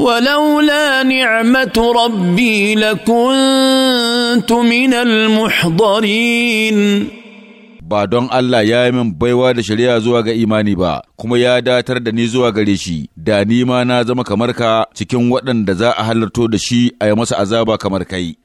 ولولا نعمه ربي لكنت من المحضرين ba don Allah ya yi min baiwa da shari'a zuwa ga imani ba, kuma ya datar da ni zuwa gare shi, da ni ma na zama kamar ka cikin waɗanda za a halarto da shi a yi masa azaba kamar kai.